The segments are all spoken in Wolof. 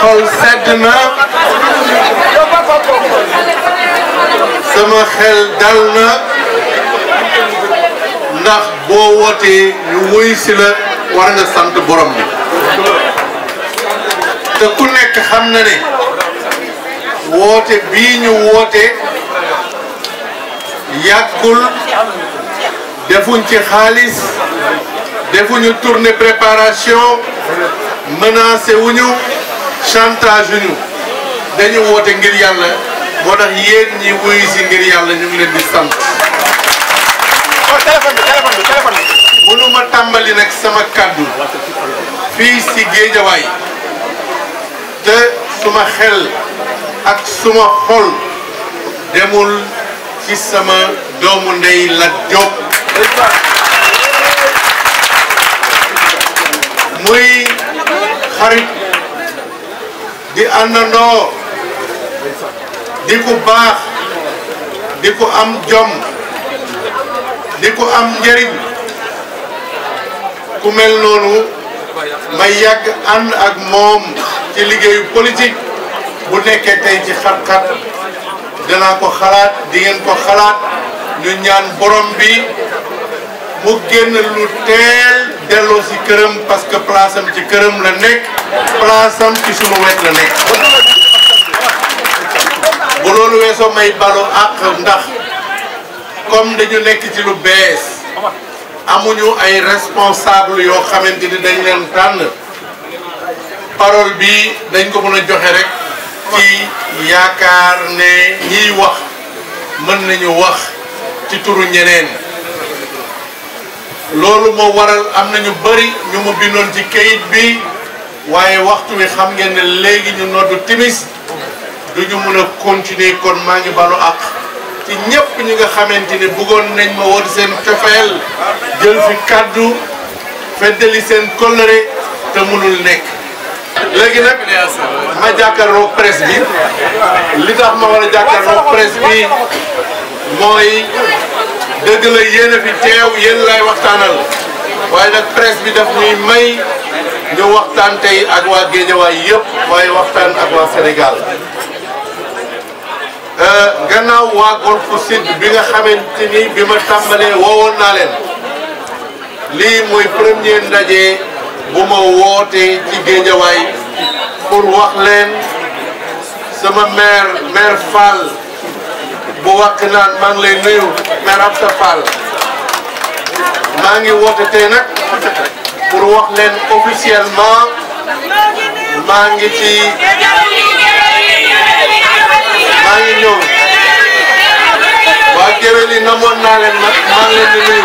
xol sedd na sama xel dal na ndax boo wootee ñu wuy si la war nga sant boroom bi te ku nekk xam na ne woote bii ñu woote yàggul defuñ ci xaalis defuñu tournée préparation menacé wuñu chantage ñu dañu woote ngir yàlla moo tax yéen ñi wuyu si ngir yàlla ñu leen di sant. Oh, téléphone bi ma tàmbali nag sama kàddu fii si géejawaay te suma xel ak suma xol demul ci sama doomu ndey la Diop. muy xarit. di àndandoo di ku baax di ku am jom di ku am njariñ ku mel noonu ma yàgg ànd ak moom ci liggéeyu politique bu nekkee tey ci xat-xat danaa ko xalaat di ngeen ko xalaat ñu ñaan borom bi mu génn lu teel delo si kërëm parce que place am ci kërëm la nek place am ci sunu wet la nek bu lolou weesoo may balu ak ndax comme dañu nek ci lu bees amuñu ay responsable yo xamanteni dañ leen tan parole bi dañ ko mëna a joxe rek ci yaakar ne ñi wax mën nañu wax ci turu ñeneen loolu moo waral am na ñu bëri ñu mu bindoon ci kayit bi waaye waxtu wi xam ngeen ne léegi ñu noddu timis du ñu mun a continuer kon maa ngi balu ak ci ñëpp ñi nga xamante ni bëggoon nañ ma woon seen cofeel jël fi kàddu feddali seen kóllëre te munul nekk. léegi nag ma jàkkaarloog presse bi li tax ma war a jàkkaarloog presse bi mooy. dëgg la yéen a fi teew yéen lay waxtaanal waaye nag presse bi daf ñuy may ñu waxtaan ak waa Géejawaay yépp waaye waxtaan ak waa Sénégal euh, gannaaw waa Golf Sud bi nga xamante ni bi ma tàmbalee woowoon naa leen lii mooy premier ndaje bu ma wootee ci Géejawaay pour wax leen sama maire maire Fall bu wàkk naan maa ngi lay nuyu mère ngi woote tey nag pour wax leen officiellement maa ngi ci maa ngi ñëw waa géwél yi namoon leen maa ngi leen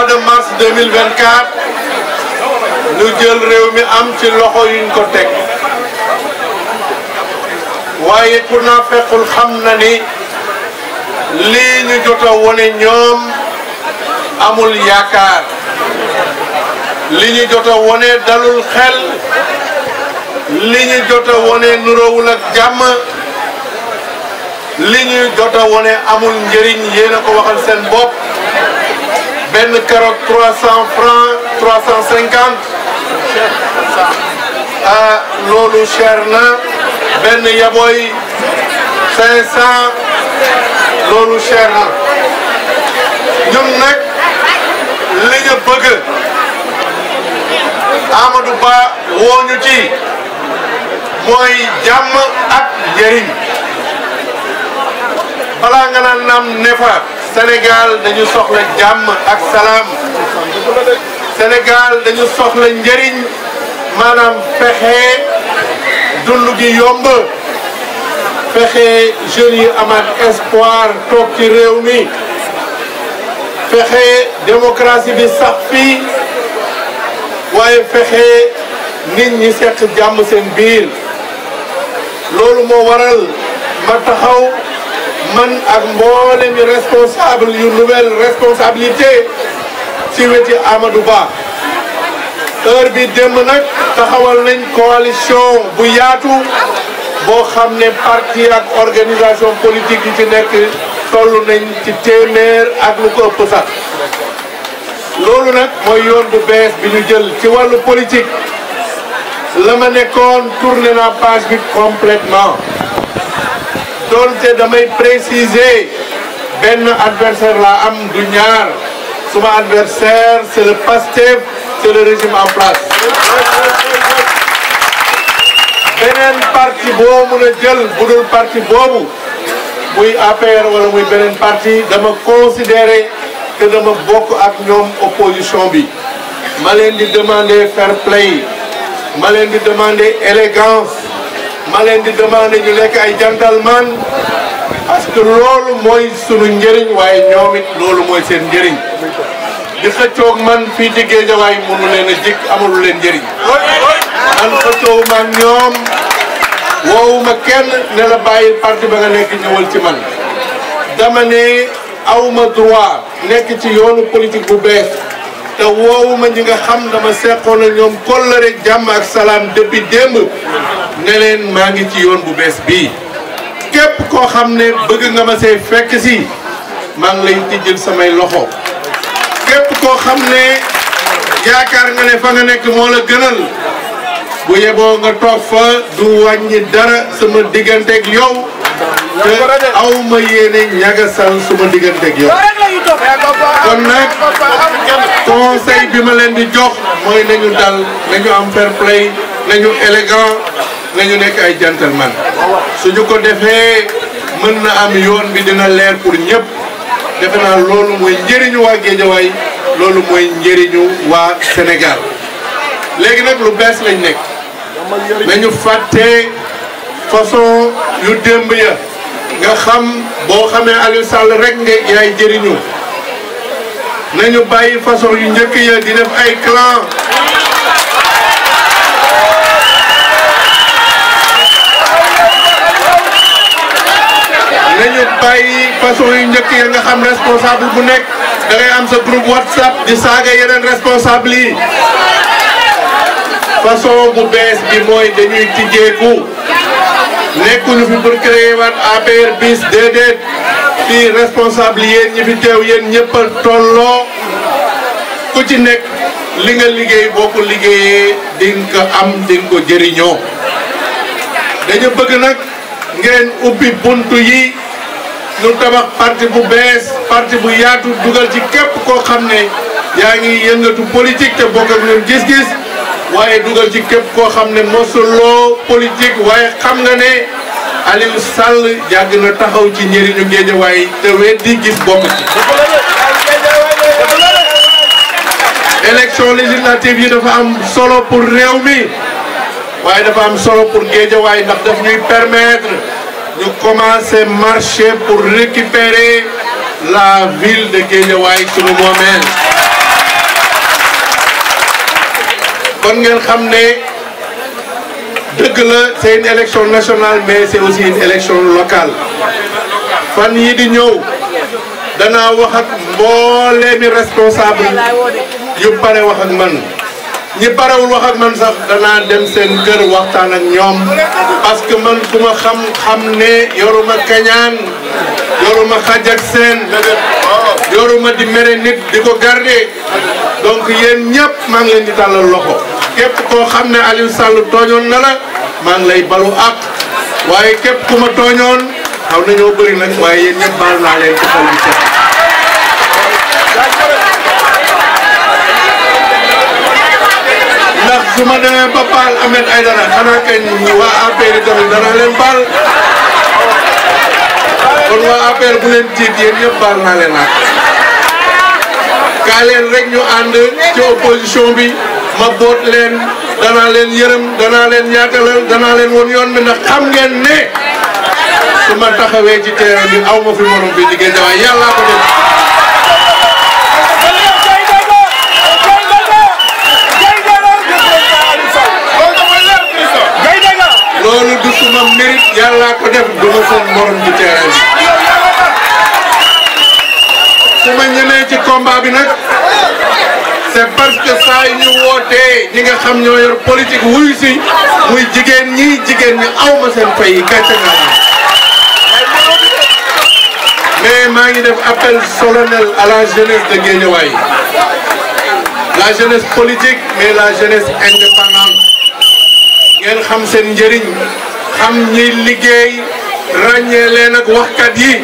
mois de mars 2024 ñu jël réew mi am ci loxo yuñ ko teg waaye ku naa fekkul xam na ni lii ñu jot a wone ñoom amul yaakaar li ñu jot a wone dalul xel li ñu jot a wone nuroowul ak jàmm li ñu jot a wone amul njëriñ yéen a ko waxal seen bopp Ben carotte 300 francs 350 ah loolu cher Ben yaboy 500 loolu Cherna. na ñun nag Amadou Ba woo ñu ci ak Yerim, balaa nga ne Sénégal dañu soxla jàmm ak salaam Sénégal dañu soxla njëriñ maanaam fexe dund gi yomb fexe jeunes yi amaat espoir toog ci réew mi fexe démocratie bi sax fii waaye fexe nit ñi seq jàmm seen biir loolu moo waral ma taxaw. man ak mboolem responsable yu nouvelle responsabilité ci weti Amadou Ba heure bi démb nag taxawal nañ coalition bu yaatu boo xam ne parti ak organisation politique yu ci nekk toll nañ ci téeméer ak lu ko ëpp sax loolu nag mooy yoon bu bees bi ñu jël ci wàllu politique la ma nekkoon tourné na page bi complètement doonte damay préciser benn adversaire laa am du ñaar suma adversaire c'est le PASTEF c'est le régime en place beneen parti boo mun jël bu dul parti boobu buy APR wala muy beneen parti dama considérer que dama bokk ak ñoom opposition bi ma leen di demander fair play ma leen di demander élégance ma leen di demandé ñu nekk ay gentleman parce que loolu mooy sunu njëriñ waaye ñoom it loolu mooy seen njëriñ di xëccoog man fii ci géejawaay mënu leen a jikk amulu leen njëriñ man xëccoowu ma ak ñoom woowuma kenn ne la bàyyi parti ba nga nekk ñëwal ci man dama ne awma droit nekk ci yoonu politique bu bees te woowuma ñi nga xam dama seqoon na ñoom kóllëre jàmm ak salaam depuis démb ne mangi ngi ci yoon bu bes bi kep ko xamne ne bëgg nga ma sey fekk ci maa ngi lay tijjil samay loxo kep ko xamne yaakar nga ne fa nga nek mo la gënal bu yebo nga tok fa du wañi dara sama ak yow aw ma yéene ñagasal sama ak yow kon nak conseil bi ma leen di jox moy nañu dal nañu am fair play nañu élégant nañu nekk ay gentleman suñu ko defee mën na am yoon bi dina leer pour ñëpp defe naa loolu mooy njëriñu waa Géejawaay loolu mooy njëriñu waa Sénégal léegi nag lu bees lañ nekk nañu fàtte façon yu démb ya nga xam boo xamee Aliou Sall rek nga yaay jëriñu nañu bàyyi façon yu njëkk ya di def ay clan dañu bàyyi façon yu njëkk ya nga xam responsable bu nekk da ngay am sa groupe whatsapp di saga yeneen responsable yi façon bu bees bi mooy dañuy tijjeeku nekkuñu fi pour créer waat APR bis déedéet fii responsable yéen ñi fi teew yéen ñëpp a tolloo ku ci nekk li nga liggéey boo ko di nga am di nga ko jëriñoo dañu bëgg nag ngeen ubbi buntu yi nu tabax parti bu bees parti bu yaatu dugal ci képp koo xam ne yaa ngi yëngatu politique te bokk ak ñun gis-gis waaye dugal ci képp koo xam ne mosuloo politique waaye xam nga ne Aliou Sall yàgg na taxaw ci njëriñu Guédiawaye te di gis bokk ci. élection législative yi dafa am solo pour réew mi waaye dafa am solo pour Guédiawaye ndax daf ñuy permettre. nous commençons à marcher pour récupérer la ville de guéliouaï sur le moi-même. kon c'est une élection nationale mais c'est aussi une élection locale fan yi di ñëw danaa wax ak mi responsable yu bare wax ak man ñi parewul wax ak man sax danaa dem seen kër waxtaan ak ñoom parce que man ku ma xam-xam ne yoruma kañaan yoruma xaj ak seen yoruma di mere nit di ko garder donc yéen ñëpp maa ngi leen di tàllal loxo képp koo xam ne Aliou Sall tooñoon na la maa ngi lay balu ak waaye képp ku ma tooñoon xaw nañoo bëri nag waaye yéen ñëpp baal naa leen ci xol bi su ma demee ba baal Ahmed Aïdara xanaa kañ waa APR tamit dana leen baal kon waa APR bu leen tiit yéen ñëpp baal naa leen ak kaa leen rek ñu ànd ci opposition bi ma boot leen danaa leen yërëm danaa leen ñaatalal danaa leen woon yoon bi ndax xam ngeen ne su ma taxawee ci terrain bi aw ma fi bi liggéey dawaa yàllaa ko def loolu du suma mérite yàllaa ko def du ma seen morom ci terrain bi su ma ñemee ci combat bi nag c'est parce que saa yu ñu wootee ñi nga xam ñoo yor politique wuyu si muy jigéen ñi jigéen ñi aw seen fay yi gàcce naa mais maa ngi def appel solennel à la jeunesse de Guédiawaye la jeunesse politique mais la jeunesse indépendante ngeen xam seen njëriñ xam ñi liggéey ràññee leen waxkat yi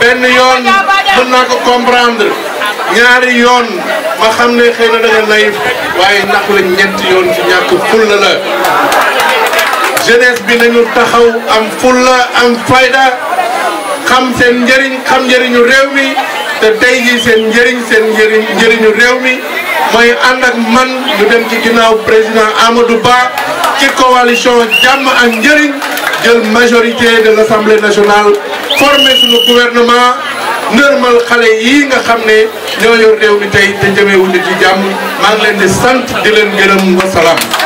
benn yoon mën naa ko comprendre ñaari yoon ma xam ne xëy na da yoon ci ñàkk bi nañu taxaw am fulla am fayda xam njëriñ xam njëriñu réew mi te tey jii seen njëriñ seen njëriñ njëriñu réew mi mooy ànd ak man ñu dem ci ginnaaw président Amadou Ba ci coalition jàmm ak njëriñ jël majorité de l' assemblée nationale former suñu gouvernement nërmal xale yi nga xam ne ñoo yor réew mi tey te jëmee wuñu ci jàmm maa ngi leen di sant di leen gërëm wasalaam.